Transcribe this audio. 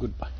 Goodbye.